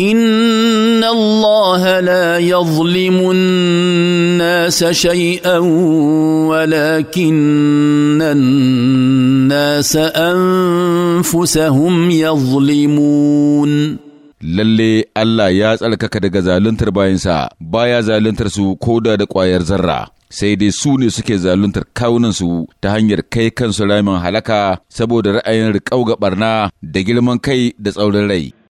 ان الله لا يظلم الناس شيئا ولكن الناس انفسهم يظلمون lalle Allah ya tsarkaka daga zaluntar bayansa baya zaluntar su koda da ƙwayar zarra sai dai su ne suke zaluntar kawunansu ta hanyar kai kansu ramin halaka saboda ra'ayin riƙau ga ɓarna da girman kai da tsaurin rai